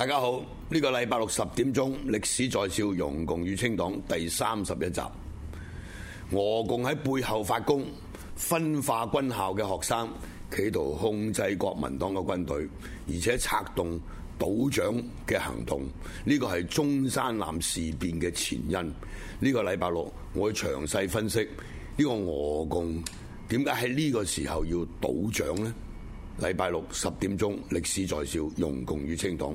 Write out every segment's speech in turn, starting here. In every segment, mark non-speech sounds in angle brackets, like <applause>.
大家好，呢個禮拜六十點鐘，歷史在笑，容共與清黨第三十一集，俄共喺背後發功，分化軍校嘅學生，企圖控制國民黨嘅軍隊，而且策動倒蔣嘅行動，呢個係中山艦事變嘅前因。呢個禮拜六，我會詳細分析呢個俄共點解喺呢個時候要倒蔣呢？禮拜六十點鐘，歷史在笑，容共與清黨。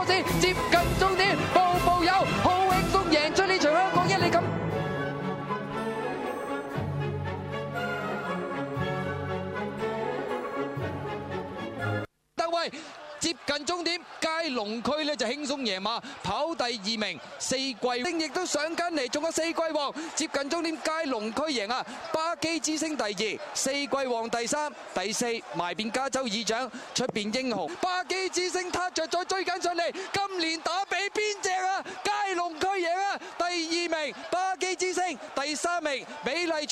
龍駒咧就輕鬆贏馬，跑第二名。四季鷹亦都上緊嚟，仲有四季王，接近終點街龍駒贏啊！巴基之星第二，四季王第三，第四，埋邊加州議長，出邊英雄。巴基之星踏著再追緊上嚟，今年打俾邊隻啊？街龍駒贏啊！第二名，巴基之星，第三名，美麗。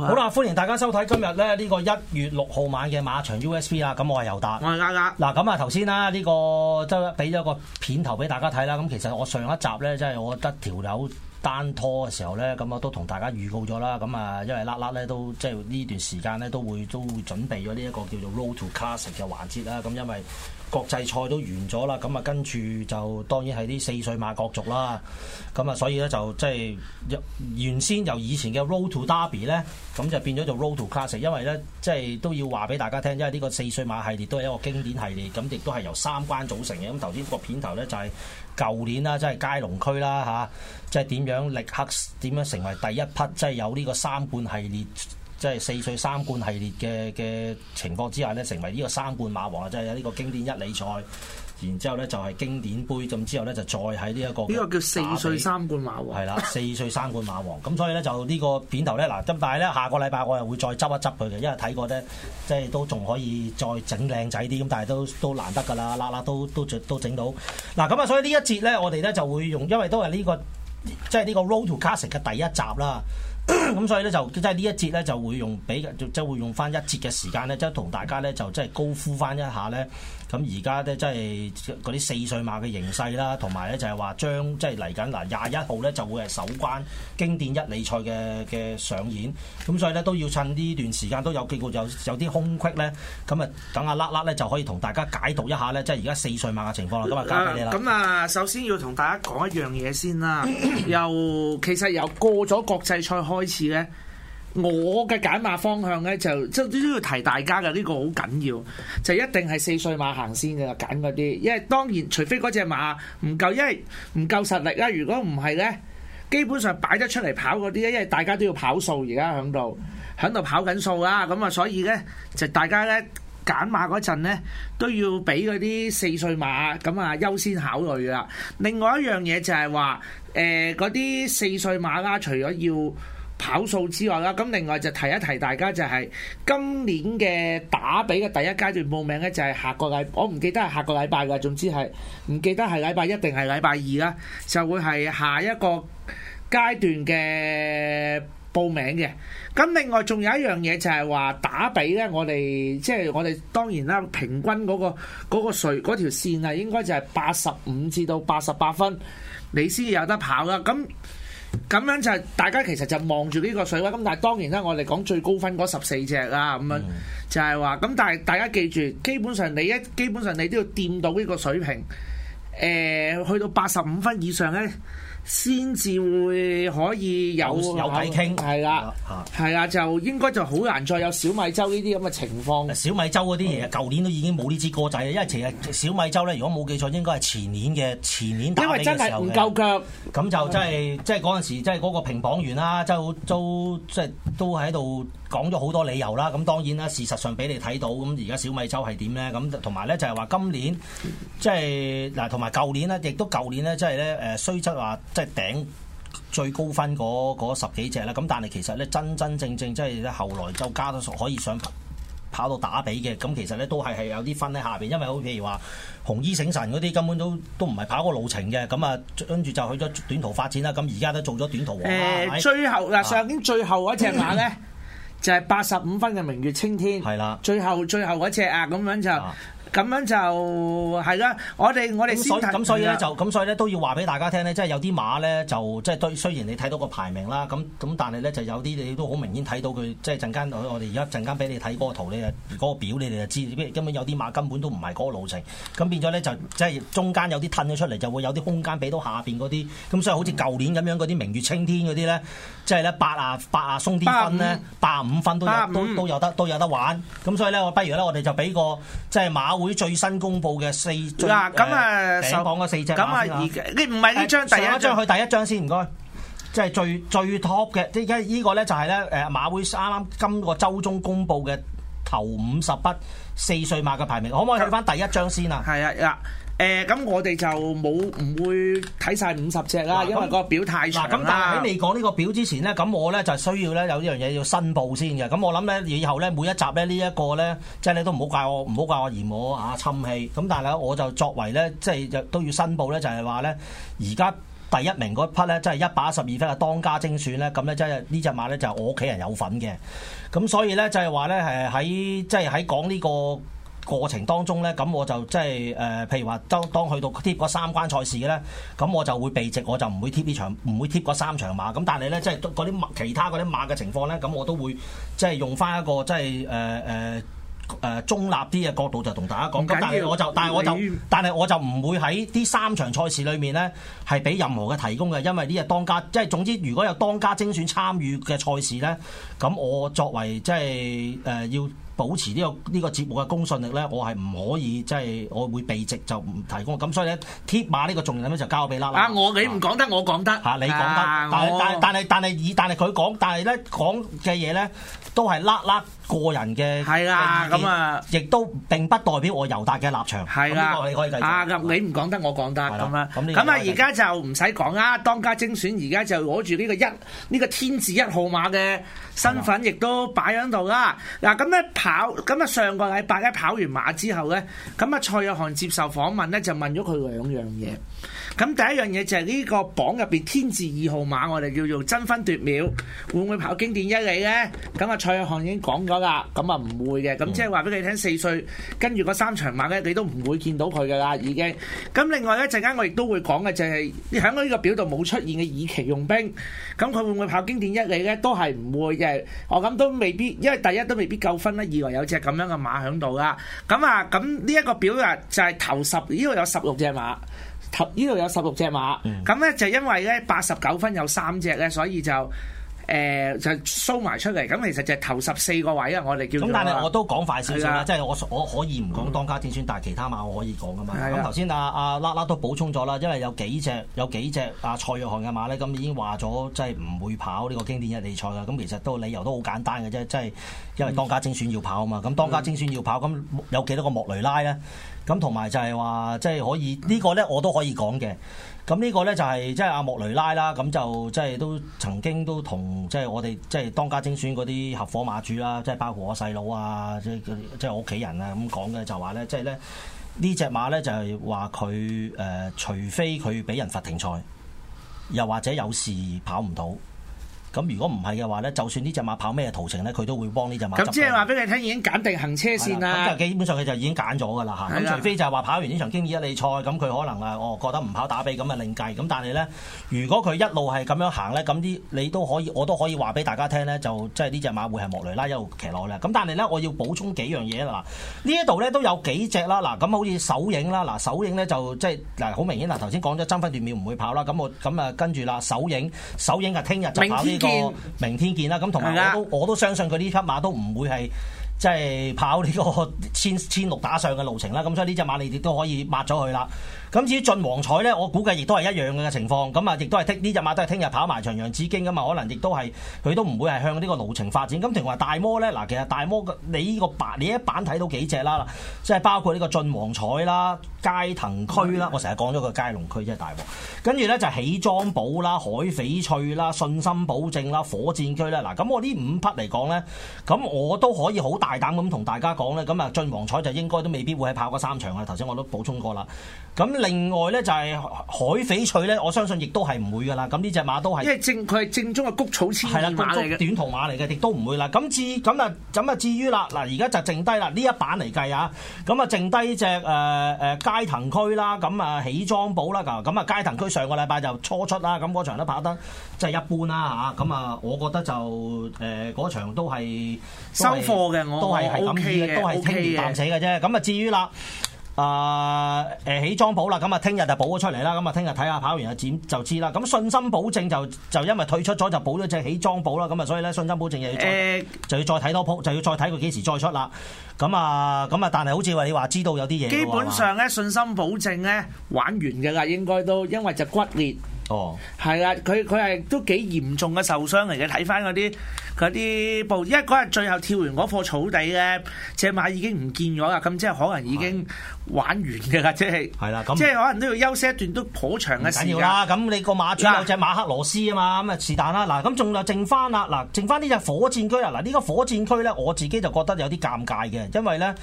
好啦，歡迎大家收睇今日咧呢個一月六號晚嘅馬場 USB 啊！咁我係尤達，我係粒粒。嗱，咁啊頭先啦，呢個即係俾咗個片頭俾大家睇啦。咁其實我上一集咧，即係我得條友單拖嘅時候咧，咁我都同大家預告咗啦。咁啊，因為粒粒咧都即係呢段時間咧都會都準備咗呢一個叫做 Road to Classic 嘅環節啦。咁因為國際賽都完咗啦，咁啊跟住就當然係啲四歲馬角逐啦，咁啊所以咧就即係原先由以前嘅 Road to Derby 咧，咁就變咗做 Road to Classic，因為咧即係都要話俾大家聽，因為呢個四歲馬系列都係一個經典系列，咁亦都係由三關組成嘅。咁頭先個片頭咧就係舊年啦，即係佳龍區啦吓，即係點樣力克點樣成為第一匹即係有呢個三冠系列。即係四歲三冠系列嘅嘅情況之下咧，成為呢個三冠馬王啊！即係呢個經典一哩賽，然之後咧就係、是、經典杯，咁之後咧就再喺呢一個呢個叫四歲三冠馬王係啦，四歲三冠馬王。咁 <laughs> 所以咧就呢個片頭咧嗱，咁但係咧下個禮拜我又會再執一執佢嘅，因為睇過咧即係都仲可以再整靚仔啲，咁但係都都難得㗎啦，拉拉都都整都整到嗱。咁啊，所以呢一節咧，我哋咧就會用，因為都係呢、這個即係呢個、就是這個、Road to Classic 嘅第一集啦。咁、 <coughs> 嗯、所以咧就即係呢一節咧就會用俾即係會用翻一節嘅時間咧，即係同大家咧就即係高呼翻一下咧。咁而家咧，即係嗰啲四歲馬嘅形勢啦，同埋咧就係話將即係嚟緊嗱廿一號咧就會係首關經典一哩賽嘅嘅上演，咁所以咧都要趁呢段時間都有幾個有有啲空隙咧，咁啊等阿粒粒咧就可以同大家解讀一下咧，即係而家四歲馬嘅情況啦。咁啊，交俾你啦。咁啊，首先要同大家講一樣嘢先啦。咳咳由其實由過咗國際賽開始咧。我嘅揀馬方向呢，就即都要提大家嘅呢、呢個好緊要，就一定係四歲馬行先嘅揀嗰啲，因為當然除非嗰隻馬唔夠，因為唔夠實力啦、啊。如果唔係呢，基本上擺得出嚟跑嗰啲呢，因為大家都要跑數而家喺度，喺度跑緊數啦。咁啊，所以呢，就大家呢，揀馬嗰陣呢都要俾嗰啲四歲馬咁啊優先考慮㗎喇。另外一樣嘢就係話誒嗰啲四歲馬啦，除咗要。考數之外啦，咁另外就提一提大家，就係今年嘅打比嘅第一階段報名呢，就係下個禮，我唔記得係下個禮拜嘅，總之係唔記得係禮拜一定係禮拜二啦，就會係下一個階段嘅報名嘅。咁另外仲有一樣嘢，就係話打比呢，我哋即係我哋當然啦，平均嗰個嗰個稅嗰條線啊，應該就係八十五至到八十八分，你先有得跑啦。咁咁樣就係大家其實就望住呢個水位，咁但係當然啦，我哋講最高分嗰十四隻啦，咁樣、mm hmm. 就係話，咁但係大家記住，基本上你一基本上你都要掂到呢個水平，誒、呃，去到八十五分以上呢，先至會可以有有偈傾，係啦，係啦小對，就應該就好難再有小米粥呢啲咁嘅情況。小米粥嗰啲嘢，舊、嗯、年都已經冇呢支歌仔，因為其實小米粥咧，如果冇記錯，應該係前年嘅前年打底，因為真係唔夠腳嘅時候嘅。咁就真係，即係嗰陣時，即係嗰個評榜員啦，即都即都即係都喺度講咗好多理由啦。咁當然啦，事實上俾你睇到，咁而家小米粥係點咧？咁同埋咧就係話今年即係嗱，同埋舊年咧，亦都舊年咧，即係咧誒雖則話。即係頂最高分嗰十幾隻啦，咁但係其實咧真真正正即係後來就加得上可以上跑到打比嘅，咁其實咧都係係有啲分喺下邊，因為好似譬如話紅衣醒神嗰啲根本都都唔係跑個路程嘅，咁啊跟住就去咗短途發展啦，咁而家都做咗短途王啦。最後嗱是、啊、上年最後嗰隻馬咧就係八十五分嘅明月青天，係啦，最後最後嗰隻啊，咁樣就。咁樣就係啦，我哋我哋先睇啦。咁所以咧就，咁所以咧都要話俾大家聽咧，即係有啲馬咧就即係對雖然你睇到個排名啦，咁咁，但係咧就有啲你都好明顯睇到佢，即係陣間我哋而家陣間俾你睇個圖，你嗰個表你哋就知，因為根本有啲馬根本都唔係個路程，咁變咗咧就即係中間有啲褪咗出嚟，就會有啲空間俾到下邊啲，咁所以好似舊年咁樣啲明月青天啲咧，即係咧八啊八啊鬆啲分咧，八啊五,五分都有都都有得都有得玩，咁所以咧我不如咧我哋就俾個即係馬。會最新公布嘅四嗱，咁啊，我講嗰四隻咁啊，而你唔係呢張第一張，去第一張先，唔該。即係最最 top 嘅，即係依個咧就係咧，誒，馬會啱啱今個周中公布嘅頭五十匹四歲馬嘅排名，可唔可以睇翻第一張先啊？係啊。誒，咁、嗯、我哋就冇唔會睇晒五十隻啦，因為個表太長啦。咁、嗯嗯、但係喺未講呢個表之前呢，咁我咧就需要咧有呢樣嘢要申報先嘅。咁我諗咧以後咧每一集咧呢一、這個咧，即、就、係、是、你都唔好怪我，唔好怪我嫌我啊侵氣。咁但係咧我就作為咧即係都要申報咧，就係話咧而家第一名嗰匹咧，即係一百一十二分嘅當家精選咧，咁咧即係呢隻馬咧就係、是、我屋企人有份嘅。咁所以咧就係話咧，誒喺即係喺講呢個。過程當中咧，咁我就即係誒，譬如話當當去到貼嗰三關賽事嘅咧，咁我就會避席，我就唔會貼呢場，唔會貼嗰三場馬。咁但係咧，即係嗰啲其他嗰啲馬嘅情況咧，咁我都會即係用翻一個即係誒誒誒中立啲嘅角度，就同大家講。咁行但係我就但係我就你 但係我就唔會喺啲三場賽事裏面咧，係俾任何嘅提供嘅，因為呢啲當家即係總之，如果有當家精選參與嘅賽事咧，咁我作為即係誒、呃、要。保持呢個呢個節目嘅公信力咧，我係唔可以即係、就是、我會避席就唔提供。咁所以咧，貼馬呢個重任咧就交俾啦啦。啊，我你唔講得，我講得。嚇，你講得。但係但係但係但係以但係佢講，但係咧講嘅嘢咧都係甩甩。個人嘅係啦，咁啊，亦都並不代表我尤達嘅立場係啦。你可以繼續，啊，咁你唔講、啊、得，我講得咁啦。咁的啊，而家、啊、就唔使講啦。當家精選而家就攞住呢個一呢、呢個天字一號碼嘅身份，亦都擺喺度啦。嗱，咁咧跑咁啊，上個禮拜一跑完馬之後咧，咁啊，蔡約翰接受訪問咧，就問咗佢兩樣嘢。咁第一樣嘢就係呢個榜入邊天字二號馬，我哋要用爭分奪秒，會唔會跑經典一哩呢？咁啊，蔡約翰已經講咗啦，咁啊唔會嘅，咁即係話俾你聽，四歲跟住嗰三場馬呢，你都唔會見到佢嘅啦，已經。咁另外呢陣間我亦都會講嘅就係，喺我呢個表度冇出現嘅以期用兵，咁佢會唔會跑經典一哩呢？都係唔會嘅，我諗都未必，因為第一都未必夠分啦，二來有隻咁樣嘅馬喺度啦。咁啊，咁呢一個表呀就係頭十，呢度有十六隻馬。呢度有十六隻馬，咁咧、嗯、就因為咧八十九分有三隻咧，所以就誒、呃、就 show 埋出嚟。咁其實就頭十四個位咧，我哋叫咁，但係我都講快少少啦。即係的我我可以唔講當家精選，嗯、但係其他馬我可以講噶嘛。咁頭先阿阿拉拉都補充咗啦，因為有幾隻有幾隻阿、啊、蔡約翰嘅馬咧，咁已經話咗即係唔會跑呢個經典一哩賽啦。咁其實都理由都好簡單嘅啫，即係因為當家精選要跑啊嘛。咁當家精選要跑，咁有幾多個莫雷拉咧？咁同埋就係話，即係可以呢個咧，我都可以講嘅。咁呢個咧就係即係阿莫雷拉啦，咁就即係都曾經都同即係我哋即係當家精選嗰啲合夥馬主啦，即係包括我細佬啊，即係即係我屋企人啊咁講嘅，就話咧，即係咧呢隻馬咧就係話佢誒，除非佢俾人罰停賽，又或者有事跑唔到。咁如果唔係嘅話咧，就算呢隻馬跑咩途程咧，佢都會幫呢隻馬。咁即係話俾你聽，已經揀定行車線啦。咁就基本上佢就已經揀咗噶啦吓，咁吧除非就係話跑完呢場經典一哩賽，咁佢可能啊，我覺得唔跑打比咁啊另計。咁但係咧，如果佢一路係咁樣行咧，咁啲你都可以，我都可以話俾大家聽咧，就即係呢隻馬會係莫雷拉一路騎落咧。咁但係咧，我要補充幾樣嘢啦。嗱，呢一度咧都有幾隻啦。嗱，咁好似手影啦，嗱手影咧就即係嗱好明顯嗱頭先講咗爭分奪秒唔會跑啦。咁我咁啊跟住啦，手影就、就是、手影啊聽日就跑啲、這個。個明天見啦，咁同埋我都我都相信佢呢匹馬都唔會係即係跑呢個千千六打上嘅路程啦，咁所以呢隻馬你亦都可以抹咗佢啦。咁至於晉皇彩呢，我估計亦都係一樣嘅情況，咁啊，亦都係聽呢隻馬都係聽日跑埋長陽紫荊㗎嘛，可能亦都係佢都唔會係向呢個路程發展。咁同埋大摩呢，嗱，其實大摩你呢、呢個板你一板睇到幾隻啦，即係包括呢個晉皇彩啦、街藤區啦，我成日講咗個街龍區即係大魔，跟住呢，就起、喜、莊寶啦、海翡翠啦、信心保證啦、火箭區啦，嗱，咁我呢五匹嚟講呢，咁我都可以好大膽咁同大家講呢。咁啊晉皇彩就應該都未必會喺跑嗰三場啊，頭先我都補充過啦，咁。另外咧就係海翡翠咧，我相信亦都係唔會噶啦。咁呢隻馬都係因為正，佢係正宗嘅谷草千二馬嚟嘅，短途馬嚟嘅，亦都唔會啦。咁至咁、呃、啊，咁啊至於啦，嗱而家就剩低啦呢一版嚟計啊，咁啊剩低隻誒誒街騰區啦，咁啊起莊寶啦，咁啊街騰區上個禮拜就初出啦，咁嗰場都跑得即係一般啦嚇。咁、嗯、啊，我覺得就誒嗰、呃、場都係收貨嘅是，我、okay、都係係咁意嘅，okay 都係輕而淡死嘅啫。咁啊 okay 至於啦。啊，誒、uh, 起莊保啦，咁啊聽日就保咗出嚟啦，咁啊聽日睇下跑完就剪就知啦。咁信心保證就就因為退出咗就保咗隻起莊保啦，咁啊所以咧信心保證又要誒就要再睇、uh, 多鋪，就要再睇佢幾時再出啦。咁啊咁啊，但係好似話你話知道有啲嘢，基本上咧吧信心保證咧玩完嘅啦，應該都因為就骨裂。哦，係啦，佢佢係都幾嚴重嘅受傷嚟嘅。睇翻嗰啲嗰啲部，因為嗰日最後跳完嗰棵草地咧，隻馬已經唔見咗啦，咁即係可能已經玩完嘅啦，即係係啦，咁即係可能都要休息一段都好長嘅時間。唔緊要啦，咁你個馬主有隻馬克羅斯啊嘛，咁啊是但啦。嗱，咁仲有剩翻啦，嗱，剩翻呢隻火箭區啦。嗱，呢個火箭區咧，我自己就覺得有啲尷尬嘅，因為咧。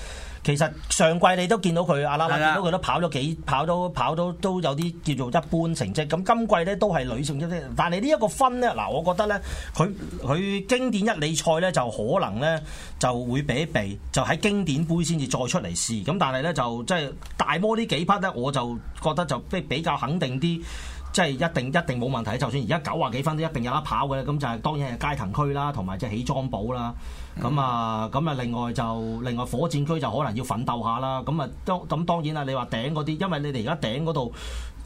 其實上季你都見到佢阿啦啦，見到佢都跑咗幾跑都跑都都有啲叫做一般成績。咁今季咧都係女性一啲，但係呢一個分咧，嗱，我覺得咧，佢佢經典一哩賽咧就可能咧就會避一避，就喺經典杯先至再出嚟試。咁但係咧就即係、就是、大摩幾呢幾 part 咧，我就覺得就即係比較肯定啲。即係一定一定冇問題，就算而家九啊幾分都一定有得跑嘅。咁就係、是、當然係街層區啦，同埋即係起裝寶啦。咁啊咁啊，另外就另外火箭區就可能要奮鬥下啦。咁啊，當咁當然啦。你話頂嗰啲，因為你哋而家頂嗰度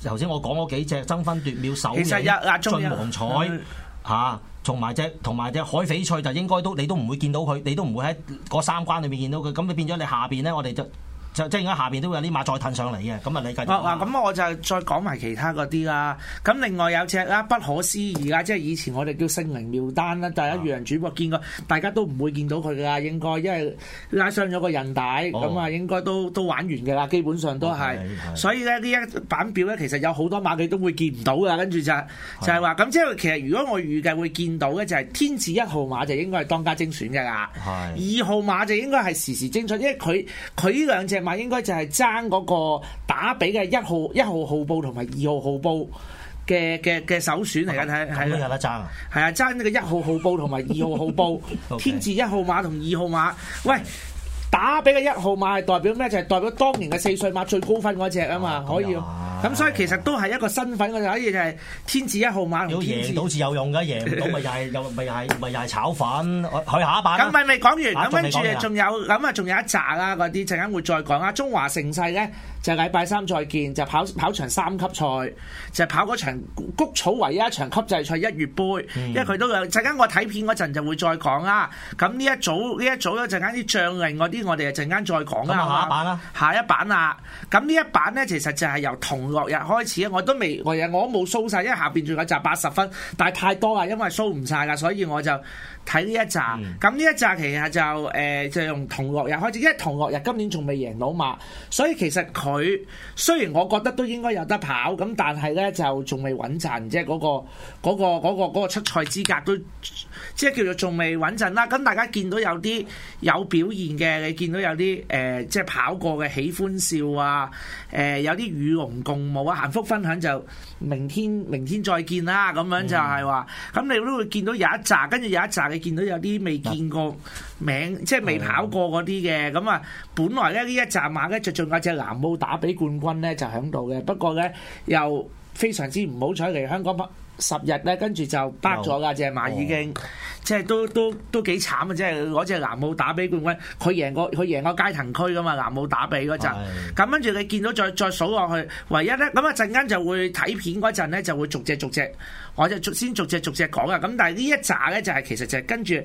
頭先我講嗰幾隻爭分奪秒手嘅進皇彩嚇，同埋隻同埋隻海翡翠就應該都你都唔會見到佢，你都唔會喺嗰三關裏面見到佢。咁你變咗你下邊咧，我哋就。即係而家下邊都會有啲馬再騰上嚟嘅，咁啊你繼續？嗱、啊、嗱，咁我就再講埋其他嗰啲啦。咁另外有隻啦，不可思議啊！即係以前我哋叫聖靈妙丹啦，第一樣主播見過大家都唔會見到佢噶，應該因為拉傷咗個韌帶，咁啊、oh. 應該都都玩完嘅啦，基本上都係。Okay. 所以咧呢一版表咧，其實有好多馬佢都會見唔到噶，跟住就是、的就係話咁。即係其實如果我預計會見到咧，就係、是、天字一號馬就應該係當家精選嘅啦，二的的號馬就應該係時時精選，因為佢佢呢兩隻。咪應該就係爭嗰個打比嘅一號一號號布同埋二號號布嘅嘅嘅首選嚟緊，喺喺嗰度有得爭啊！係啊，爭呢個一號號布同埋二號號布。 <laughs> Okay. 天字一號碼同二號碼，喂！打俾嘅一號馬係代表咩？就係代表當年嘅四歲馬最高分嗰隻啊嘛，可以。咁所以其實都係一個身份嘅嘢，就係天字一號馬同天字。如果贏到好似有用嘅，贏到咪又係又咪又係咪又係炒粉，去下一班。咁咪未講完，咁跟住仲有，咁啊仲有一紮啦嗰啲，陣間會再講啦。中華盛世咧就禮拜三再見，就跑跑場三級賽，就跑嗰場谷草唯一一場級際賽一月杯，因為佢都有。陣間我睇片嗰陣就會再講啦。咁呢一組呢一組咧，陣間啲將令啲。我哋啊陣間再講啊嚇，下一版啦。咁呢一版呢，版版其實就係由同樂日開始我都未，我日我冇掃晒，因為下邊仲有集八十分，但係太多啦，因為掃唔晒啦，所以我就睇呢一集。咁呢、嗯、一集其實就誒、呃，就用同樂日開始，因為同樂日今年仲未贏到嘛，所以其實佢雖然我覺得都應該有得跑，咁但係呢，就仲未穩陣，即係嗰、嗰個嗰、嗰個嗰、嗰個嗰、嗰個嗰個嗰個出賽資格都。即係叫做仲未穩陣啦，咁大家見到有啲有表現嘅，你見到有啲誒、呃、即係跑過嘅喜歡笑啊，誒、呃、有啲與龍共舞啊，幸福分享就明天明天再見啦，咁樣就係話，咁、嗯、你都會見到有一集，跟住有一集你見到有啲未見過名，嗯、即係未跑過嗰啲嘅，咁啊、嗯，本來咧呢一集馬咧就仲有隻藍毛打比冠軍咧就喺度嘅，不過咧又非常之唔好彩嚟香港跑。十日咧，跟住就崩咗噶隻馬，已經有、哦、即係都都都幾慘啊！即係嗰隻藍帽打比冠軍，佢贏過佢贏過街藤區噶嘛，藍帽打比嗰陣。咁、哎、跟住你見到再再數落去，唯一咧咁啊陣間就會睇片嗰陣咧，就會逐隻逐隻，我就先逐隻逐隻逐隻講啊！咁但係呢一集咧就係其實就係跟住。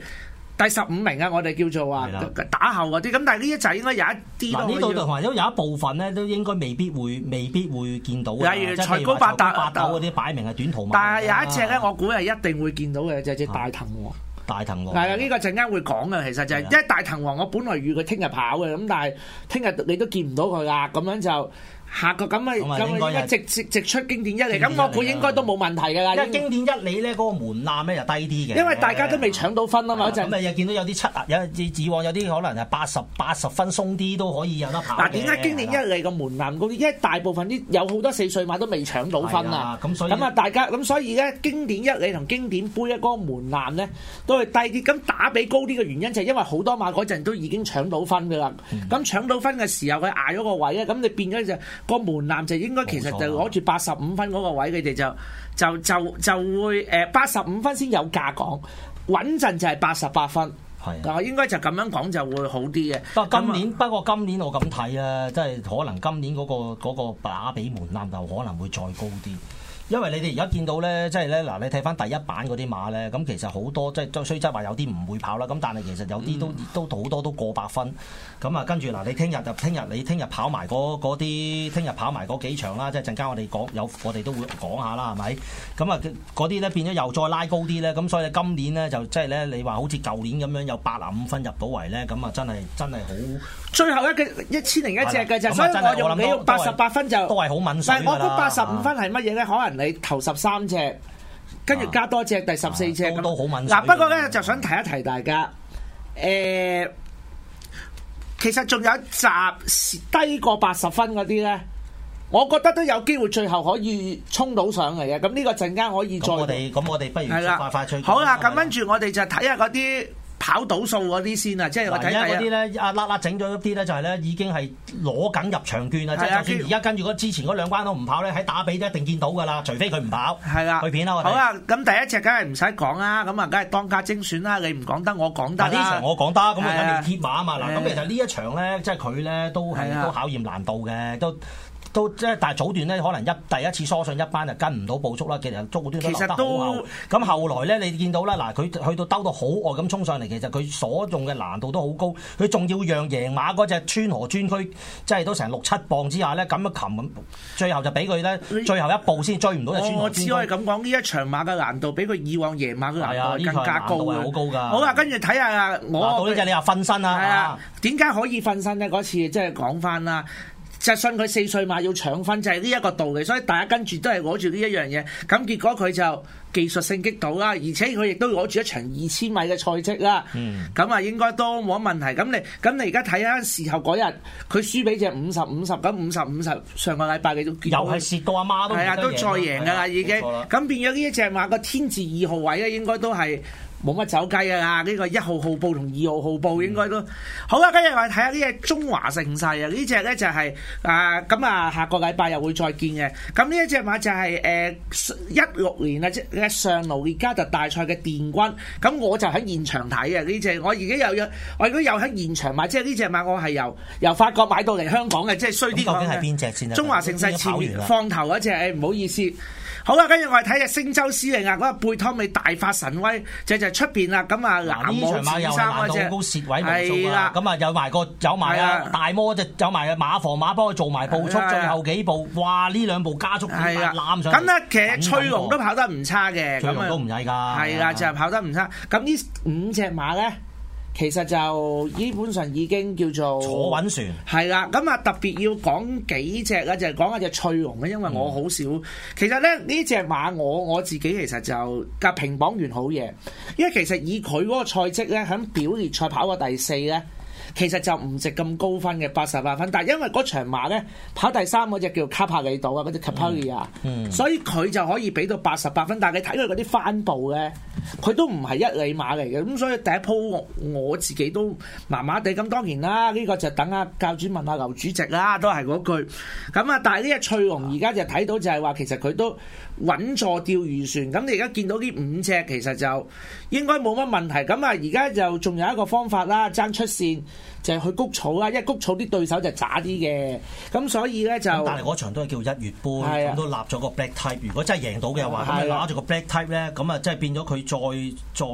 第十五名啊，我哋叫做話打後嗰啲，咁但係呢一隻應該有一啲呢度同埋有一部分咧，都應該未必會、未必會見到嘅，例如財高八達、八九嗰啲擺明係短途。但係有一隻咧，我估係一定會見到嘅，就係、是、隻大騰王。大騰王係啊，呢個陣間會講嘅，其實就係、是，的因為大騰王我本來預佢聽日跑嘅，咁但係聽日你都見唔到佢啦，咁樣就。下個咁啊咁啊直直出經典一嚟，咁我估應該都冇問題㗎啦。因為經典一嚟咧嗰個門檻咧就低啲嘅，因為大家都未搶到分啊嘛。嗰陣咪又見到有啲七啊，有以以往有啲可能係八十八十分鬆啲都可以有得跑。嗱，點解經典一嚟個門檻高啲？因為大部分啲有好多四歲馬都未搶到分啊。咁啊，大家咁所以咧，經典一嚟同經典杯咧嗰個門檻咧都係低啲。咁打比高啲嘅原因就係因為好多馬嗰陣都已經搶到分㗎啦。咁、嗯、搶到分嘅時候佢捱咗個位啊，咁你變咗就是。個門檻就應該其實，啊、就攞住八十五分嗰個位，佢哋就就就就會誒八十五分先有價講，穩陣就係八十八分。係、啊，但係應該就咁樣講就會好啲嘅。不過今年麼不過今年我咁睇啊，即係可能今年嗰、嗰個嗰個打比門檻就可能會再高啲。因為你哋而家見到咧，即係咧嗱，你睇翻第一版嗰啲馬咧，咁其實好多即係雖則話有啲唔會跑啦，咁但係其實有啲都都好多都過百分。咁啊，跟住嗱，你聽日就聽日，你聽日跑埋嗰啲，聽日跑埋嗰幾場啦，即係陣間我哋講有，我哋都會講下啦，係咪？咁啊，嗰啲咧變咗又再拉高啲咧，咁所以今年咧就即係咧，你話好似舊年咁樣有八十五分入到圍咧，咁啊真係真係好最後一個一千零一隻嘅就，所以我用你用八十八分就都係好穩重。但係我嗰八十五分係乜嘢咧？可能。你頭十三隻，跟住加多隻第十四隻咁，嗱、啊啊、不過咧就想提一提大家，誒、啊欸，其實仲有一集低過八十分嗰啲咧，我覺得都有機會最後可以衝到上嚟嘅，咁呢個陣間可以再，我哋咁我哋不如快快脆，的好啦，咁跟住我哋就睇下嗰啲。跑倒數嗰啲先啊，即係話睇下嗰啲咧，阿粒粒整咗啲咧，辣辣一就係咧已經係攞緊入場券啊。即係而家跟住，如果之前嗰兩關都唔跑咧，喺打比都一定見到噶啦，除非佢唔跑。係啦、啊，去片啦、啊，我哋、啊。好啦，咁第一隻梗係唔使講啦，咁啊梗係當家精選啦，你唔講得我講得，但呢場我講得，咁啊等你貼碼啊嘛。嗱、啊，咁其實呢一場咧，即係佢咧都係、啊、都考驗難度嘅。都都即係，但係早段咧，可能一第一次梳上一班就跟唔到步速啦。其實捉嗰啲落得好後。咁後來咧，你見到啦，嗱佢去到兜到好外咁衝上嚟，其實佢所用嘅難度都好高。佢仲要讓贏馬嗰隻川河專區，即係都成六七磅之下咧，咁樣擒咁，最後就俾佢咧最後一步先追唔到隻川河專區。哦，我只可以咁講，呢一場馬嘅難度比佢以往贏馬嘅難度更加高好高㗎。好啦，跟住睇下我嗱，到呢、這、隻、個、你話瞓身啦。係啊，點解可以瞓身呢？嗰次即係講翻啦。就信佢四歲馬要搶分就係呢一個道理，所以大家跟住都係攞住呢一樣嘢，咁結果佢就技術性擊倒啦，而且佢亦都攞住一場二千米嘅賽績啦。咁啊，應該都冇問題。咁你咁你而家睇下時候嗰日佢輸俾隻五十五十咁五十五十上個禮拜幾多？又係蝕到阿媽，媽都係啊，都再贏噶啦、啊、已經。咁錯變咗呢一隻馬個天字二號位咧，應該都係。冇乜走雞啊！呢個一號號布同二號號布應該都、嗯、好啦。跟住我哋睇下呢隻中華盛世啊！呢隻咧就係誒咁啊，下個禮拜又會再見嘅。咁呢一隻馬就係誒一六年啊，即上盧列加特大賽嘅殿軍。咁我就喺現場睇啊！呢隻我而家又有我而家又喺現場買，即係呢隻馬我係由由法國買到嚟香港嘅，即係衰啲。究竟係邊隻先？中華盛世前放頭嗰隻，唔好意思。好啦，跟住我哋睇下《星州司令》啊，嗰、那個貝湯美大發神威，就就。出邊啦？咁啊，嗱呢場馬前山嗰隻，係啦。咁啊，有埋個，走埋啊大魔隻，走埋馬房馬幫佢做埋步速，最後幾步。哇！呢兩步加速，攬上。咁啊，其實翠龍都跑得唔差嘅。翠龍都唔使㗎，係啦，就係跑得唔差。咁呢五隻馬咧？其實就基本上已經叫做坐穩船，係啦。咁啊特別要講幾隻咧，就係、是、講一隻翠龍咧，因為我好少。嗯、其實咧呢隻馬我我自己其實就嘅評榜完好嘢，因為其實以佢嗰個賽績咧，喺表列賽跑過第四咧，其實就唔值咁高分嘅八十八分。但係因為嗰場馬咧跑第三嗰隻叫卡帕里島啊，嗰、那、隻、個、卡帕里亞嗯，嗯，所以佢就可以俾到八十八分。但係你睇佢嗰啲翻步嘅。佢都唔係一里馬嚟嘅，咁所以第一鋪我自己都麻麻地，咁當然啦，呢個就等阿教主問下劉主席啦，都係嗰句。咁啊，但係呢一翠龍而家就睇到就係話，其實佢都穩坐釣魚船。咁你而家見到呢五隻，其實就應該冇乜問題。咁啊，而家就仲有一個方法啦，爭出線。就係去谷草啦，因為穀草啲對手就渣啲嘅，咁、嗯、所以咧就，但係嗰場都係叫一月盃，咁是、啊、都立咗個 black type。如果真係贏到嘅話，咁係攞住個 black type 咧，咁啊真係變咗佢再再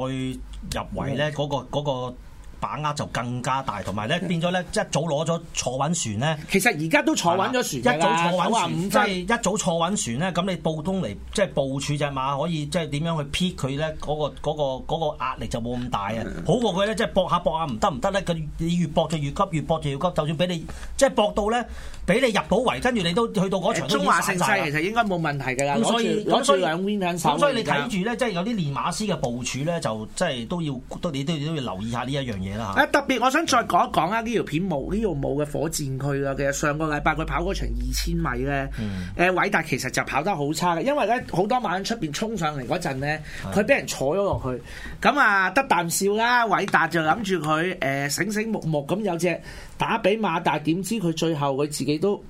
入圍咧，嗰個嗰個。那個把握就更加大，同埋咧變咗咧一早攞咗坐穩船咧。其實而家都坐穩咗船， <noise> 吧一早坐穩船，穩即係一早坐穩船咧。咁是、嗯、你報通嚟，即係部署隻馬，可以即係點樣去撇佢咧？嗰、那個嗰、那個嗰、那個壓力就冇咁大啊！好過佢咧，即係搏下搏下，唔得唔得咧，佢越搏就越急，越搏就越急。就算俾你即係搏到咧，俾你入到圍，跟住你都去到嗰場都已中其實應該冇問題㗎啦。不所以咁所以兩 w 兩收，所以你睇住咧，即係有啲練馬師嘅部署咧，就即係都要都你都都要留意下呢一樣嘢。誒特別，我想再講一講啊！呢條片冇呢條冇嘅火箭佢啊，其實上個禮拜佢跑嗰場二千米咧，誒偉、嗯呃、達其實就跑得好差嘅，因為咧好多馬喺出邊衝上嚟嗰陣咧，佢俾是的 人坐咗落去，咁啊得啖笑啦！偉達就諗住佢誒醒醒目目咁有隻打俾馬，但係點知佢最後佢自己都。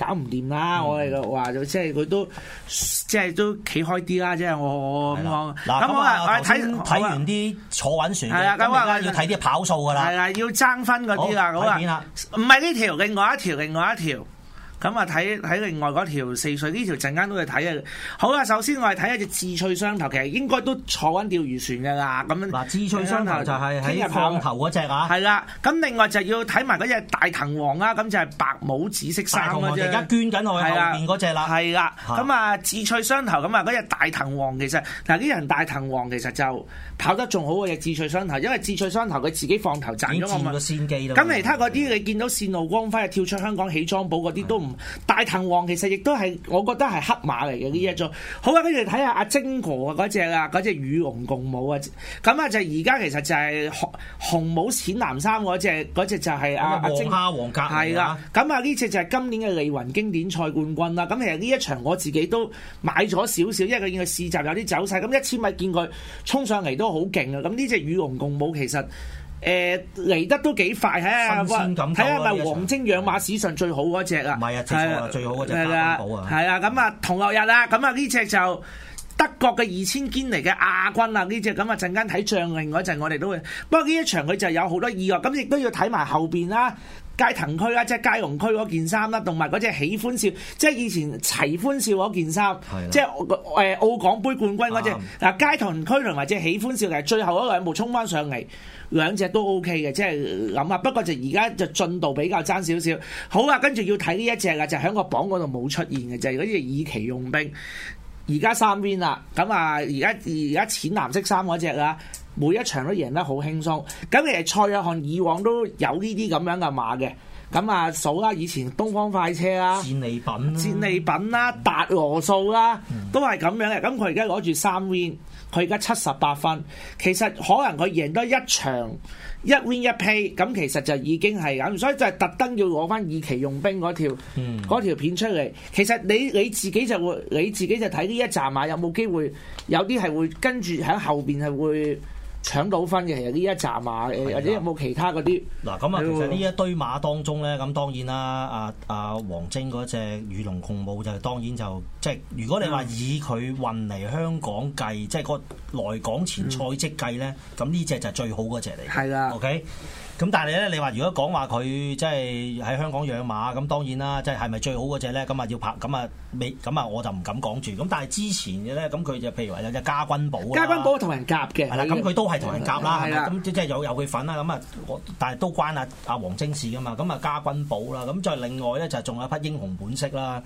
搞唔掂啦！嗯、我哋就話就即係佢都即係都企開啲啦，即係我我咁講。嗱咁好啊，睇睇完啲坐穩船嘅，係啊，而家要睇啲跑數噶啦，係啊要爭分嗰啲啦，好啊，唔係呢條，另外一條，另外一條。咁啊，睇睇另外嗰條四歲呢條陣間都會睇啊！好啦、啊，首先我哋睇下隻志趣相投，其實應該都坐緊釣魚船嘅啦。咁樣，志趣相投就係喺棒頭嗰隻啊。係啦，咁、那個嗯、另外就要睇埋嗰隻大藤王啦。咁就係白帽紫色衫嗰隻，而家捐緊去後面嗰隻啦。係啦，咁啊，志趣相投咁啊，嗰、那、隻、個、大藤王其實嗱啲人大藤王其實就。跑得仲好嘅嘢，智趣相投，因為智趣相投佢自己放頭斬咗個先機囉。咁其他嗰啲的你見到線路光輝啊，跳出香港起莊保嗰啲都唔的大騰旺，其實亦都係我覺得係黑馬嚟嘅呢一組。的好啦，跟住睇下阿精哥啊嗰隻啦，嗰隻與龍共舞啊。咁啊就而家其實就係紅紅帽淺藍衫嗰隻，嗰隻就係阿王阿精禎啊，皇家係啦。咁啊呢隻就係今年嘅利雲經典賽冠軍啦。咁其實呢一場我自己都買咗少少，因為佢見佢試閘有啲走勢，咁一千米見佢衝上嚟都。好勁啊！咁呢隻與龍共舞其實誒嚟、欸、得都幾快，睇下睇下係咪黃晶養馬史上最好嗰隻啊？唔係啊，最好啊，最好啊！係啊，咁啊，同樂日啦，咁啊呢隻就德國嘅二千堅尼嘅亞軍隻啊。呢隻咁啊陣間睇將令嗰陣，我哋都會。不過呢一場佢就有好多意外，咁亦都要睇埋後邊啦。街騰區啦，即係街龍區嗰件衫啦，同埋嗰隻喜歡笑，即係以前齊歡笑嗰件衫，的即係誒澳港杯冠軍嗰隻。啊的，街騰區同埋即係喜歡笑，係最後嗰兩步衝翻上嚟，兩隻都 O K 嘅，即係諗下。不過就而家就進度比較爭少少。好啦、啊，跟住要睇呢一隻啦，就喺、是、個榜嗰度冇出現嘅，就係嗰隻以奇用兵，而家三邊啦。咁啊，而家而家淺藍色衫嗰隻啦。每一場都贏得好輕鬆，咁其實蔡約翰以往都有呢啲咁樣嘅馬嘅，咁啊數啦、啊，以前東方快車啦、啊，戰利品、啊，戰利品啦、啊，達羅素啦、啊，都係咁樣嘅。咁佢而家攞住三 win，佢而家七十八分，其實可能佢贏得一場一 win 一 pay，咁其實就已經係咁，所以就係特登要攞翻二期用兵嗰條、嗯、條片出嚟。其實你你自己就會你自己就睇呢一閘馬，有冇機會？有啲係會跟住喺後邊係會。搶到分嘅，其實呢一紮馬誒，的或者有冇其他嗰啲？嗱，咁啊，其實呢一堆馬當中咧，咁的當然啦，阿阿黃晶嗰隻與龍共舞就當然就即係如果你話以佢運嚟香港計，即係、嗯、個來港前賽績計咧，咁呢隻就最好嗰隻嚟。係啦的，OK。咁但係咧，你話如果講話佢即係喺香港養馬，咁當然啦，即係係咪最好嗰隻咧？咁啊要拍，咁啊未，咁啊我就唔敢講住。咁但係之前嘅咧，咁佢就譬如話有隻嘉君寶，嘉君寶同人夾嘅，係啦的，咁佢他都係同人夾啦，係啦的，咁即係有有佢份啦。咁啊，但係都關阿阿黃精士噶嘛。咁啊嘉君寶啦，咁再另外咧就仲有一匹英雄本色啦。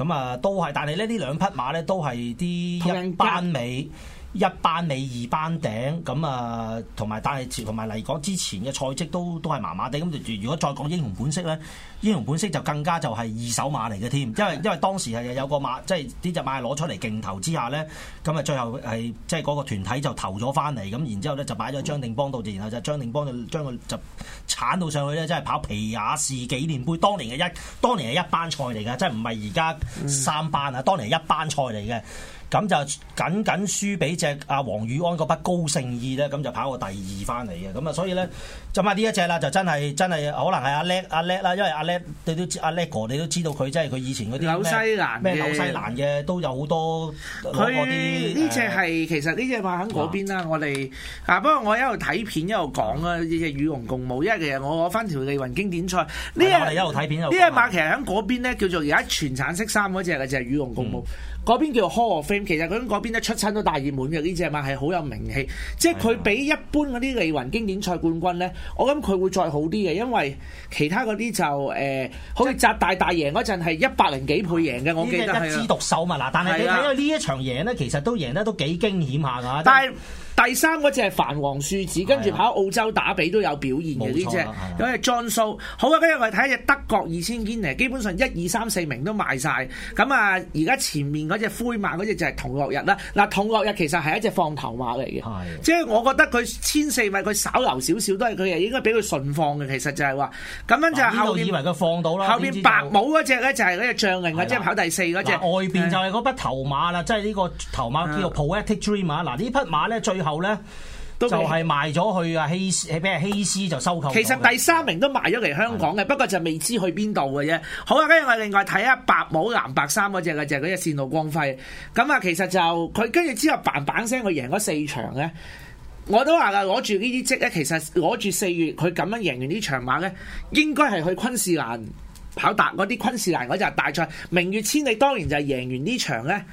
咁啊，都係，但係呢呢兩匹馬咧都係啲一班尾、一班尾、二班頂，咁、嗯、啊，同埋但係同埋嚟講之前嘅賽績都都係麻麻地。咁如果再講英雄本色咧，英雄本色就更加就係二手馬嚟嘅添，因為因為當時係有個馬，即係呢隻馬攞出嚟競投之下咧，咁啊最後係即係嗰個團體就投咗翻嚟，咁然之後咧就擺咗張定邦度，然後就，張定，然後就張定邦就將佢就鏟到上去咧，即、就、係、是、跑皮亞士紀念杯，當年嘅一當年係一班賽嚟嘅，即係唔係而家。三班啊，當年係一班菜嚟嘅。咁就僅僅輸俾隻阿黃宇安嗰筆高勝意咧，咁就跑過第二翻嚟嘅。咁啊，所以咧，就啊呢一隻啦，就真係真係可能係阿叻阿叻啦，因為阿叻你都知，阿叻哥，你都知道佢真係佢以前嗰啲咩紐西蘭嘅都有好多。佢呢隻係其實呢隻馬喺嗰邊啦，啊、我哋啊不過我一路睇片一路講啊，呢隻與龍共舞，因為其實我攞翻條利雲經典賽呢，對一隻我一路睇片呢一,一馬其實喺嗰邊咧，叫做而家全橙色衫嗰隻嘅，就係、是、與龍共舞。嗯嗯。嗰邊叫 Horace，其實佢諗嗰邊一出親都大熱門，嘅呢隻馬係好有名氣，即係佢比一般嗰啲利雲經典賽冠軍咧，我諗佢會再好啲嘅，因為其他嗰啲就誒，好似扎大大贏嗰陣係一百零幾倍贏嘅，我記得係一枝獨秀嘛嗱、啊，但係你睇佢呢一場贏咧，其實都贏得都幾驚險下噶。第三嗰隻係繁黃樹子，跟住跑澳洲打比都有表現嘅呢隻，有啊 John So 好啊，今日我哋睇隻德國二千堅尼，基本上一二三四名都賣晒。咁啊，而家前面嗰隻灰馬嗰隻就係銅鑼日啦。嗱，銅鑼日其實係一隻放頭馬嚟嘅，即係的我覺得佢千四米，佢稍留少少都係佢啊，應該俾佢順放嘅。其實就係話咁樣就，後面、啊這個、以為佢放到啦，後面白帽嗰隻咧就係嗰隻將令嘅，即係跑第四嗰隻。外邊就係嗰匹頭馬啦，即係呢個頭馬叫做 Poetic Dream 啊。嗱，呢匹馬咧最。後咧，都就係賣咗去啊希咩希斯就收購。其實第三名都賣咗嚟香港嘅，是的 不過就未知去邊度嘅啫。好啊，跟住我哋另外睇下白帽藍白衫嗰隻嘅就係嗰隻線路光輝。咁啊，其實就佢跟住之後嘭嘭聲，佢贏咗四場咧。我都話啦，攞住呢啲績咧，其實攞住四月佢咁樣贏完呢場馬咧，應該係去昆士蘭跑達嗰啲昆士蘭嗰隻大賽。明月千里當然就係贏完場呢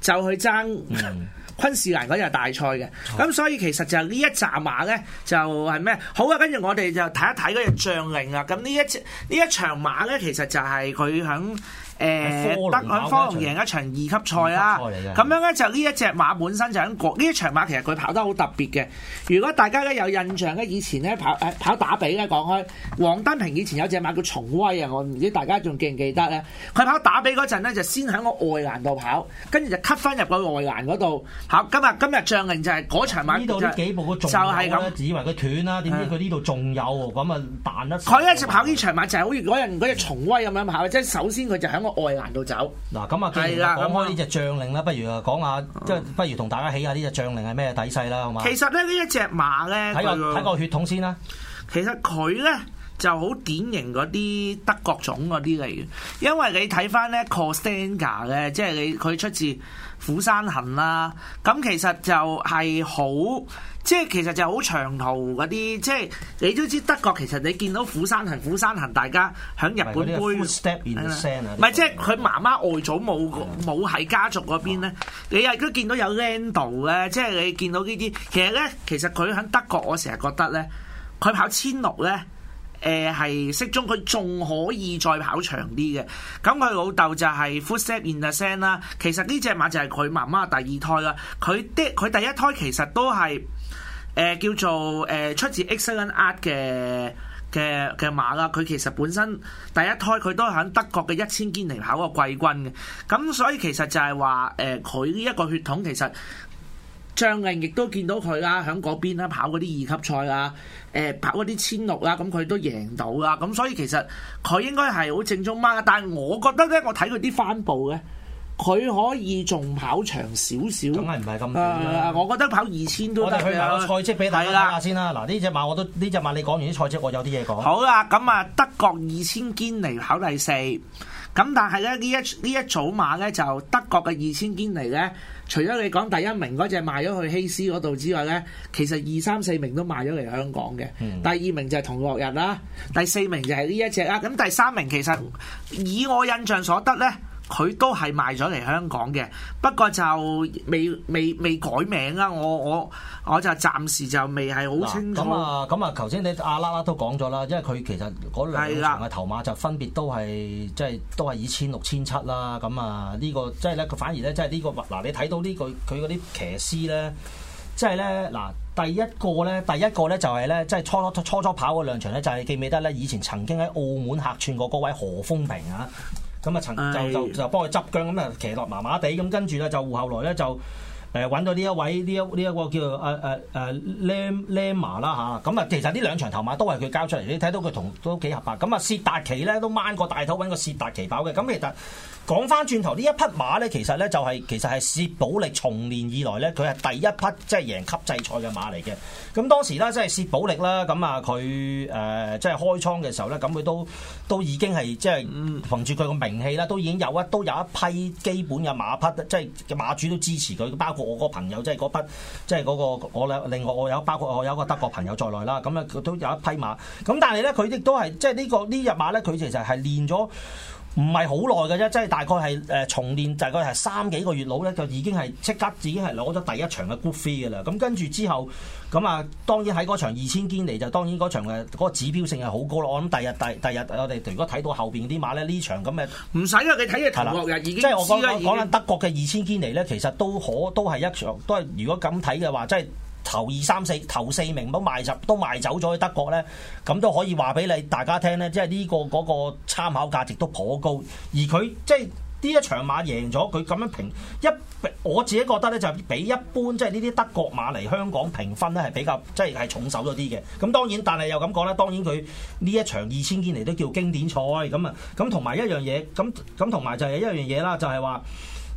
場咧，就去爭。嗯 <laughs> 昆士蘭嗰日大賽嘅，咁 <noise> 所以其實就係呢一紮馬咧，就係、是、咩？好啊，跟住我哋就睇一睇嗰隻將令啊！咁呢一呢一場馬咧，其實就係佢響。誒得喺方龍贏一場二級賽啦，咁樣咧就呢一隻馬本身就喺國呢一場馬其實佢跑得好特別嘅。如果大家咧有印象咧，以前咧跑誒跑打比咧講開，黃丹平以前有隻馬叫崇威啊，我唔知大家仲記唔記得咧？佢跑打比嗰陣咧就先喺個外欄度跑，跟住就吸翻入個外欄嗰度跑。今日今日將令就係嗰場馬，呢度你幾步？嗰就係咁，以為佢斷啦，點知佢呢度仲有喎？咁啊彈得。佢咧就跑呢場馬就係好似嗰人嗰隻崇威咁樣跑，即係首先佢就喺外圍度走嗱，咁啊，既然講開呢隻將令啦，的不如啊講下即係不如同大家起下呢隻將令係咩底細啦，好嘛？其實咧呢一隻馬咧，睇個睇個血統先啦。其實佢咧。就好典型嗰啲德國種嗰啲嚟嘅，因為你睇翻咧 Costander 咧，即係你佢出自釜山行啦。咁其實就係好，即係其實就好長途嗰啲，即係你都知德國其實你見到釜山行，釜山行大家喺日本杯，唔係即係佢媽媽外祖母冇喺的家族嗰邊咧。你亦都見到有 Lando 咧，即係你見到呢啲，其實咧，其實佢喺德國，我成日覺得咧，佢跑千六咧。誒係、嗯、適中，佢仲可以再跑長啲嘅。咁、嗯、佢老豆就係 Footstep in the Sand 啦。其實呢隻馬就係佢媽媽第二胎啦。佢第佢第一胎其實都係誒、呃、叫做誒、呃、出自 Excellent Art 嘅嘅嘅馬啦。佢其實本身第一胎佢都喺德國嘅一千堅尼跑過季軍嘅。咁、嗯、所以其實就係話誒，佢呢一個血統其實。將令亦都見到佢啦，喺嗰邊跑嗰啲二級賽啊，誒跑嗰啲千六啦，咁佢都贏到啦，咁所以其實佢應該係好正宗馬，但係我覺得咧，我睇佢啲翻報嘅。佢可以仲跑長少少，梗係唔係咁短啦？我覺得跑二千都得啦。我哋去埋個賽績俾大家睇下的先啦。嗱，呢隻馬我都呢隻馬你講完啲的賽績，我有啲嘢講。好啦，咁啊，德國二千堅尼跑第四。咁但係咧，呢一呢一組馬咧，就德國嘅二千堅尼咧，除咗你講第一名嗰隻賣咗去希斯嗰度之外咧，其實二三四名都賣咗嚟香港嘅。嗯、第二名就係同樂日啦，第四名就係呢一隻啦。咁第三名其實以我印象所得咧，佢都係賣咗嚟香港嘅，不過就未未未改名啦。我我我就暫時就未係好清楚。咁啊咁啊！頭、嗯、先、啊嗯啊、你阿拉拉都講咗啦，因為佢其實嗰兩場嘅頭馬就分別都係即係都係二千六千七啦。咁啊呢、呢個即係咧，佢反而咧、呢個啊呢個，即係呢個嗱，你睇到呢個佢嗰啲騎師咧，即係咧嗱，第一個咧，第一個咧就係、是、咧，即係初初初初跑嗰兩場咧，就係、是、記唔記得咧？以前曾經喺澳門客串過嗰位何風平啊！咁啊，就就就幫佢執僵，咁啊，騎落麻麻地咁，跟住咧就後來咧就誒揾到呢一位呢一呢一個叫做阿阿阿 lem lemma 啦嚇。咁啊，其實呢兩場頭馬都係佢交出嚟，你睇到佢同都幾合拍。咁、嗯、啊，薛達奇咧都掹個大頭揾個薛達奇跑嘅。咁、嗯、其實～講翻轉頭呢一匹馬咧，其實咧就係、是、其實係薛寶力重年以來咧，佢係第一匹即係、就是、贏級制賽嘅馬嚟嘅。咁當時咧，即係薛寶力啦，咁啊佢誒即係開倉嘅時候咧，咁佢都都已經係即係憑住佢個名氣啦，都已經有一，都有一批基本嘅馬匹，即、就、係、是、馬主都支持佢，包括我嗰個朋友，即係嗰匹，即係嗰個我另外我有包括我有一個德國朋友在內啦，咁啊佢都有一匹馬。咁但係咧，佢亦都係即係呢個呢隻馬咧，佢其實係練咗。唔係好耐嘅啫，即係大概係誒重練，大概係三幾個月老咧，就已經係即刻自己係攞咗第一場嘅 good fee 嘅啦。咁跟住之後，咁啊當然喺嗰場二千堅尼就當然嗰場嘅嗰個指標性係好高咯。我諗第日第第日我哋如果睇到後邊啲馬咧呢場咁誒，唔使啊，你睇日頭落日已經輸啦。我講緊，我講緊德國嘅二千堅尼咧，其實都可都係一場都係如果咁睇嘅話，即係。頭二三四頭四名都賣走都賣走咗去德國呢，咁都可以話俾你大家聽呢，即係呢個嗰個參考價值都頗高。而佢即係呢一場馬贏咗，佢咁樣評一，我自己覺得呢，就比一般即係呢啲德國馬嚟香港評分呢，係比較即係係重手咗啲嘅。咁當然，但係又咁講咧，當然佢呢一場二千幾年都叫經典賽咁啊。咁同埋一樣嘢，咁咁同埋就係一樣嘢啦，就係話。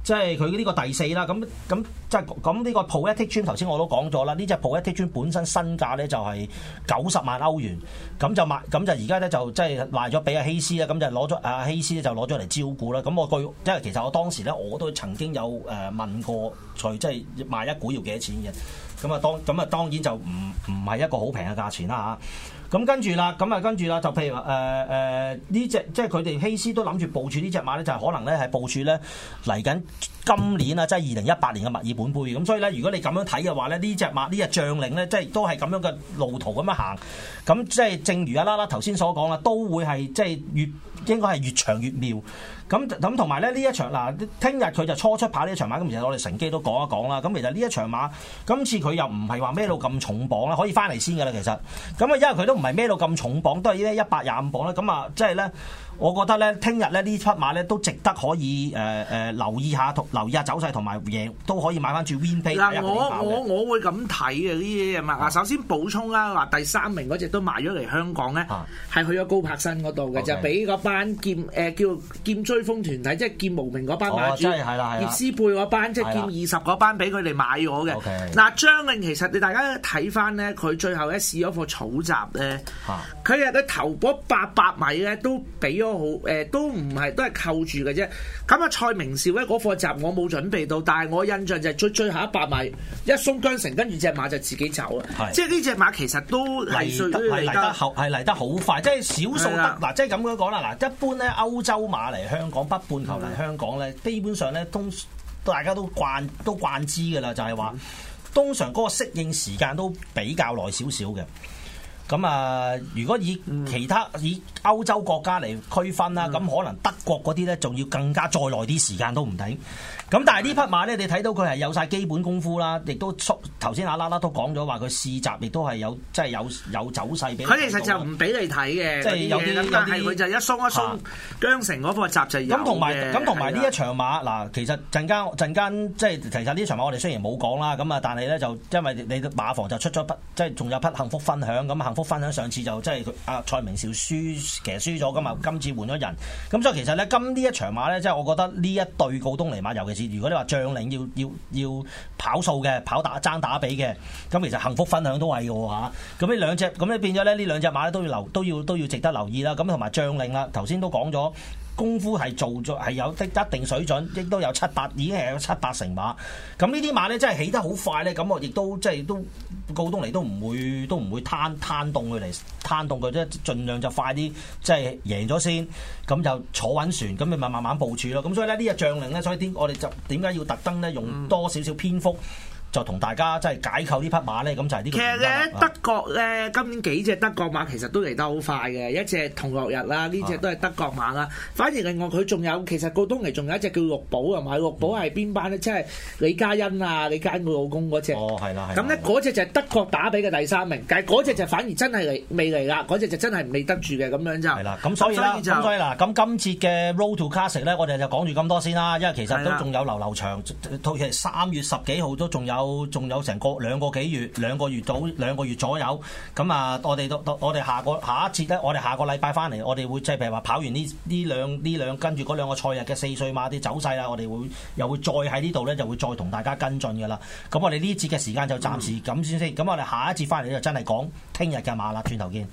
即係佢呢個第四啦，咁咁即係咁呢個 Poetic Stone，頭先我都講咗啦。呢隻 Poetic Stone 本身身價咧就係九十萬歐元，咁就賣，咁就而家咧就即係賣咗俾阿希斯啦。咁就攞咗阿希斯就攞咗嚟照顧啦。咁我據即係其實我當時咧我都曾經有誒問過，除即係賣一股要幾多錢嘅，咁啊當咁啊當然就唔唔係一個好平嘅價錢啦嚇。咁跟住啦，咁啊跟住啦，就譬如誒誒呢隻，即係佢哋希斯都諗住部署呢隻馬咧，就係、是、可能咧係部署咧嚟緊今年啊，即係二零一八年嘅墨爾本杯。咁所以咧，如果你咁樣睇嘅話咧，呢隻馬呢隻將令咧，即係都係咁樣嘅路途咁樣行。咁即係正如阿啦啦頭先所講啦，都會係即係越應該係越長越妙。咁咁同埋咧呢一場嗱，聽日佢就初出跑呢一場馬，咁其實我哋乘機都講一講啦。咁其實呢一場馬，今次佢又唔係話孭到咁重磅啦，可以翻嚟先噶啦。其實，咁啊因為佢都唔係孭到咁重磅，都係呢一百廿五磅啦。咁啊，即係咧。我覺得咧，聽日咧呢匹馬咧都值得可以誒誒、呃呃、留意下，留意下走勢同埋贏都可以買翻注 win p 嗱，我我我會咁睇嘅呢啲嘢物。嗱，啊、首先補充啦，啊，話第三名嗰隻都賣咗嚟香港咧，係、啊、去咗高柏新嗰度嘅，Okay 就俾個班劍誒叫劍追風團體，即、就、係、是、劍無名嗰班馬，啊，葉、啊啊、師貝嗰班，即係劍二十嗰班，俾佢哋買咗嘅。嗱，將令其實你大家睇翻呢，佢最後一試咗、呃、個草閘咧，佢日佢頭波八百米咧都俾咗。嗯都好，誒都唔係都係扣住嘅啫。咁啊，蔡明少咧嗰課閘我冇準備到，但係我印象就係最最後一百米一鬆韁繩，跟住隻馬就自己走啊。係的，即係呢隻馬其實都嚟得嚟得後係嚟得好快，的即係少數得嗱的，即係咁樣講啦。嗱，一般咧歐洲馬嚟香港北半球嚟香港咧，的基本上咧東大家都慣都慣知嘅啦，就係、是、話通常嗰個適應時間都比較耐少少嘅。咁啊，如果以其他以歐洲國家嚟區分啦，咁、嗯、可能德國啲咧仲要更加再耐啲時間都唔定。咁但係呢匹馬咧，你睇到佢係有晒基本功夫啦，亦都頭先阿 LakLak 都講咗話佢試集亦都係有即係、即係、有有走勢俾。佢其實就唔俾你睇嘅，即係有啲有啲，佢就一鬆一鬆。韁繩嗰個集就咁，同埋咁同埋呢一場馬嗱，其實陣間陣間即係其實呢場馬我哋雖然冇講啦，咁啊，但係咧就因為你馬房就出咗匹即係仲有匹幸福分享咁福分享上次就即係佢阿蔡明少輸，其實輸咗噶嘛。今次換咗人，咁所以其實咧今呢一場馬咧，即係我覺得呢一對告東尼馬，尤其是如果你話將令要要要跑數嘅，跑打爭打吡嘅，咁其實幸福分享都係噶喎吓。咁呢兩隻，咁你變咗咧呢兩隻馬咧都要留，都要都要值得留意啦。咁同埋將令啦，頭先都講咗。功夫係做咗係有的一定水準，亦都有七八，已經係有七八成馬。咁呢啲馬咧真係起得好快咧，咁我亦都即係都高東嚟都唔會都唔會攤攤動佢嚟攤動佢啫，盡量就快啲即係贏咗先，咁就坐穩船，咁你咪慢慢部署咯。咁所以咧呢隻將令咧，所以啲我哋就點解要特登咧用多少少篇幅。就同大家即係解構呢匹馬咧，咁就係呢個。其實咧，德國咧今年幾隻德國馬其實都嚟得好快嘅，一隻同樂日啦，呢隻都係德國馬啦。反而另外佢仲有，其實過冬期仲有一隻叫玉寶啊，唔係，玉寶係邊班咧？即係李嘉欣啊，李嘉欣佢老公嗰隻。哦，係啦。咁咧嗰隻就係德國打俾嘅第三名，但係嗰隻就反而真係嚟未嚟啦，嗰隻就真係未得住嘅咁樣就係啦。咁所以啦，咁所以嗱，咁今次嘅 Road to Classic 咧，我哋就講住咁多先啦，因為其實都仲有留留長，到其實三月十幾號都仲有。有仲有成個兩個幾月，兩個月到兩個月左右，咁啊，我哋到我哋下個下一次咧，我哋下個禮拜翻嚟，我哋會即係譬如話跑完呢呢兩呢兩跟住嗰兩個賽日嘅四歲馬啲走勢啊，我哋會又會再喺呢度咧，就會再同大家跟進噶啦。咁我哋呢節嘅時間就暫時咁先先，咁、嗯、我哋下一次翻嚟咧就真係講聽日嘅馬啦，轉頭見。